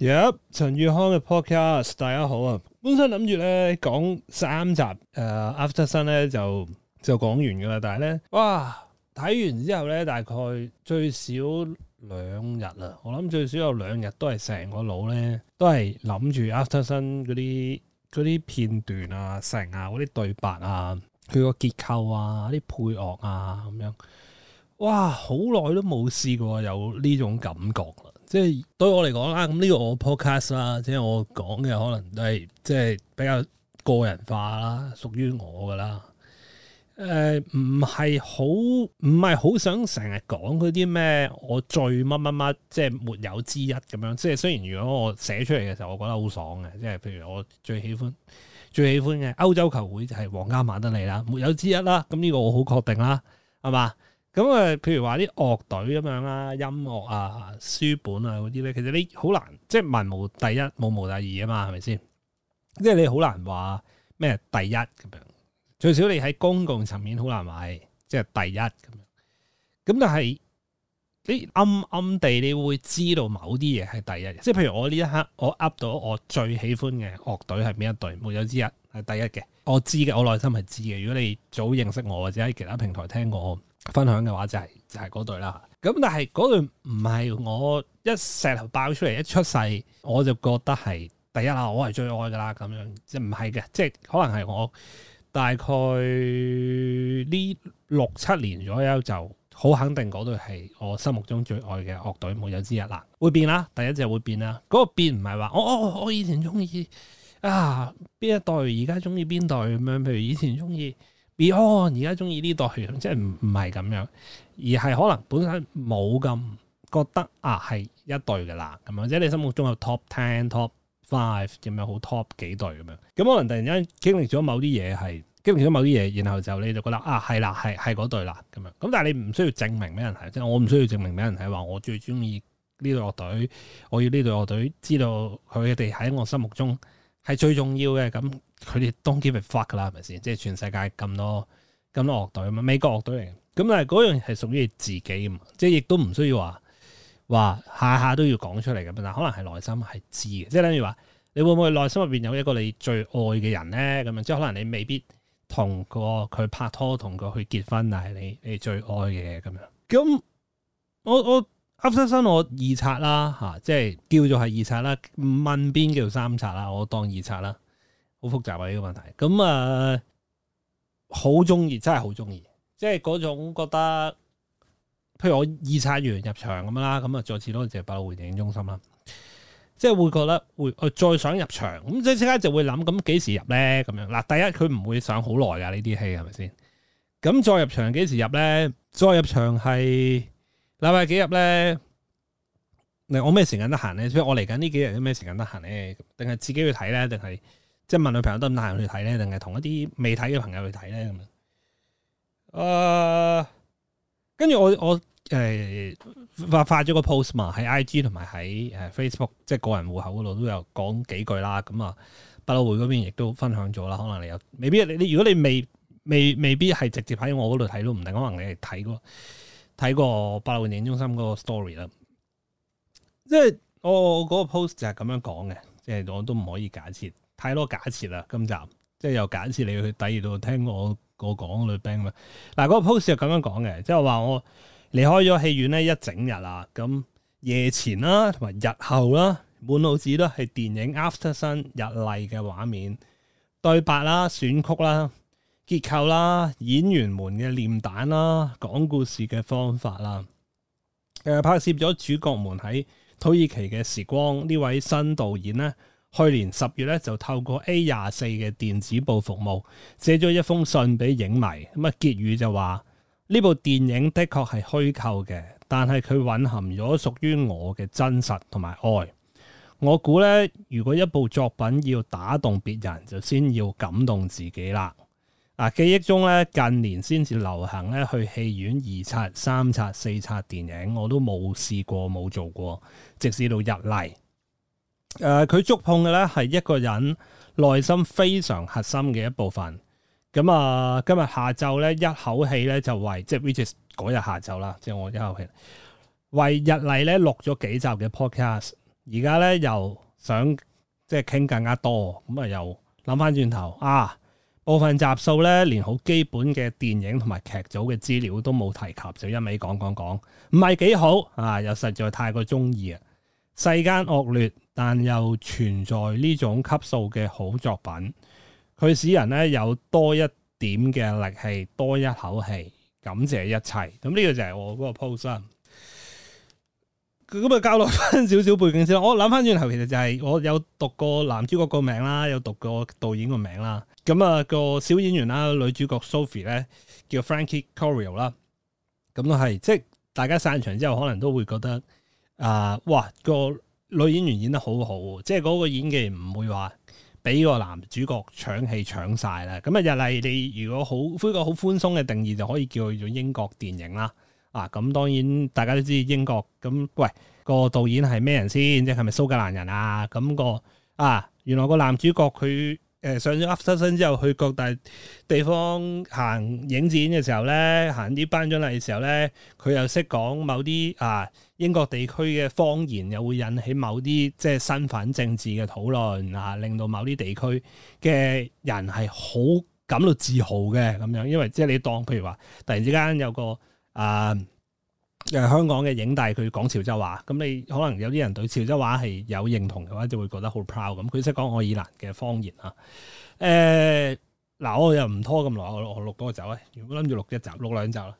Yep 陳宇康嘅 podcast，大家好啊！本身諗住咧，講三集誒、呃、Aftersun 咧，就就講完噶啦，但係咧，哇睇完之後咧，大概最少兩日啦，我諗最少有兩日都係成個腦咧都係諗住 Aftersun 嗰啲啲片段啊、成啊、嗰啲對白啊、佢個結構啊、啲配樂啊咁樣，哇！好耐都冇試過有呢種感覺。即係對我嚟講啦，咁、這、呢個我 podcast 啦，即係我講嘅可能都係即係比較個人化啦，屬於我噶啦。誒、呃，唔係好，唔係好想成日講嗰啲咩，我最乜乜乜，即係沒有之一咁樣。即係雖然如果我寫出嚟嘅時候，我覺得好爽嘅，即係譬如我最喜歡、最喜歡嘅歐洲球會就係皇家馬德里啦，沒有之一啦。咁、這、呢個我好確定啦，係嘛？咁啊，譬如話啲樂隊咁樣啦，音樂啊、書本啊嗰啲咧，其實你好難，即係文無第一，武無第二啊嘛，係咪先？即係你好難話咩第一咁樣，最少你喺公共層面好難買，即係第一咁樣。咁但係你暗暗地你會知道某啲嘢係第一嘅。即係譬如我呢一刻我 up 到我最喜歡嘅樂隊係邊一隊，沒有之一係第一嘅，我知嘅，我內心係知嘅。如果你早認識我或者喺其他平台聽過。分享嘅話就係、是、就係嗰對啦，咁但係嗰對唔係我一石頭爆出嚟一出世我就覺得係第一啦，我係最愛噶啦咁樣，即係唔係嘅，即、就、係、是、可能係我大概呢六七年左右就好肯定嗰對係我心目中最愛嘅樂隊冇有之一啦，會變啦，第一只會變啦，嗰、嗰個變唔係話我我我以前中意啊邊一代而家中意邊代咁樣，譬如以前中意。Beyond 而家中意呢隊，即係唔唔係咁樣，而係可能本身冇咁覺得啊，係一隊嘅啦，咁樣即係你心目中有 top ten、top five 咁樣好 top 幾隊咁樣，咁可能突然間經歷咗某啲嘢，係經歷咗某啲嘢，然後就你就覺得啊係啦，係係嗰隊啦咁樣，咁但係你唔需要證明俾人睇，即係我唔需要證明俾人睇話我最中意呢隊樂隊，我要呢隊樂隊知道佢哋喺我心目中。係最重要嘅，咁佢哋 don't give a fuck 啦，係咪先？即係全世界咁多咁多樂隊啊，美國樂隊嚟嘅，咁但係嗰樣係屬於自己嘅，即係亦都唔需要話話下下都要講出嚟咁，但可能係內心係知嘅，即係等如話，你會唔會內心入邊有一個你最愛嘅人咧？咁樣即係可能你未必同過佢拍拖，同佢去結婚，但係你你最愛嘅咁樣，咁我我。我.啱出身我二刷啦吓，即係叫做係二刷啦，問邊叫三刷啦，我當二刷啦，好複雜啊呢個問題。咁啊，好中意，真係好中意，即係嗰種覺得，譬如我二刷完入場咁啦，咁啊再次多謝百老匯電影中心啦，即係會覺得會、呃、再想入場，咁即係即刻就會諗，咁幾時入咧？咁樣嗱，第一佢唔會上好耐噶呢啲戲係咪先？咁再入場幾時入咧？再入場係。禮拜幾日咧？我咩時間得閒咧？所以我嚟緊呢幾日有咩時間得閒咧？定係自己去睇咧？定係即係問女朋友得唔得閒去睇咧？定係同一啲未睇嘅朋友去睇咧？咁、呃、啊，跟住我我誒、呃、發發咗個 post 嘛，喺 IG 同埋喺誒 Facebook 即係個人戶口嗰度都有講幾句啦。咁、嗯、啊，百老匯嗰邊亦都分享咗啦。可能你又未必，你如果你未未未必係直接喺我嗰度睇都唔定，可能你係睇嘅。睇過百老匯電影中心嗰個 story 啦，即係我嗰個 post 就係咁樣講嘅，即係我都唔可以假設太多假設啦。今集即係又假設你去第二度聽我我講女兵嘛。嗱，嗰個 post 就咁樣講嘅，即係我話我離開咗戲院呢一整日啦，咁夜前啦同埋日後啦，啊，滿腦子都係電影 After Sun 日麗嘅畫面對白啦，啊，選曲啦，啊。結構啦，演員們嘅念蛋啦，講故事嘅方法啦。誒、呃，拍攝咗主角們喺土耳其嘅時光。呢位新導演呢，去年十月咧就透過 A 廿四嘅電子報服務寫咗一封信俾影迷咁啊。結語就話呢部電影的確係虛構嘅，但係佢蘊含咗屬於我嘅真實同埋愛。我估呢，如果一部作品要打動別人，就先要感動自己啦。嗱，記憶中咧，近年先至流行咧，去戲院二刷、三刷、四刷電影，我都冇試過，冇做過。直至到日麗，誒、呃，佢觸碰嘅咧係一個人內心非常核心嘅一部分。咁、呃、啊，今日下晝咧，一口氣咧就為即係 which 嗰日下晝啦，即係、就是、我一口氣為日麗咧錄咗幾集嘅 podcast，而家咧又想即係傾更加多，咁啊又諗翻轉頭啊！部分集數咧，連好基本嘅電影同埋劇組嘅資料都冇提及，就一味講講講，唔係幾好啊！又實在太過中意啊！世間惡劣，但又存在呢種級數嘅好作品，佢使人咧有多一點嘅力氣，多一口氣，感謝一切。咁呢個就係我嗰個 post。咁啊，交落翻少少背景先。我諗翻轉頭，其實就係我有讀過男主角個名啦，有讀過導演個名啦。咁啊，個小演員啦，女主角 Sophie 咧叫 Frankie Corio 啦。咁都係，即係大家散場之後，可能都會覺得啊、呃，哇，個女演員演得好好，即係嗰個演技唔會話俾個男主角搶戲搶晒啦。咁啊，又係你如果好，一個好寬鬆嘅定義，就可以叫佢做英國電影啦。啊，咁、嗯、當然大家都知英國咁、嗯，喂、個導演係咩人先？即係咪蘇格蘭人啊？咁、嗯、個啊，原來個男主角佢誒、呃、上咗 Aftersun 之後，去各大地方行影展嘅時候咧，行啲頒獎禮嘅時候咧，佢又識講某啲啊英國地區嘅方言，又會引起某啲即係身份政治嘅討論啊，令到某啲地區嘅人係好感到自豪嘅咁樣，因為即係你當譬如話，突然之間有個。啊！Uh, 又係香港嘅影帝，佢講潮州話，咁你可能有啲人對潮州話係有認同嘅話，就會覺得好 proud 咁。佢識講愛爾蘭嘅方言啊！誒，嗱，我又唔拖咁耐，我我錄多集啊！如果諗住錄一集，錄兩集啦。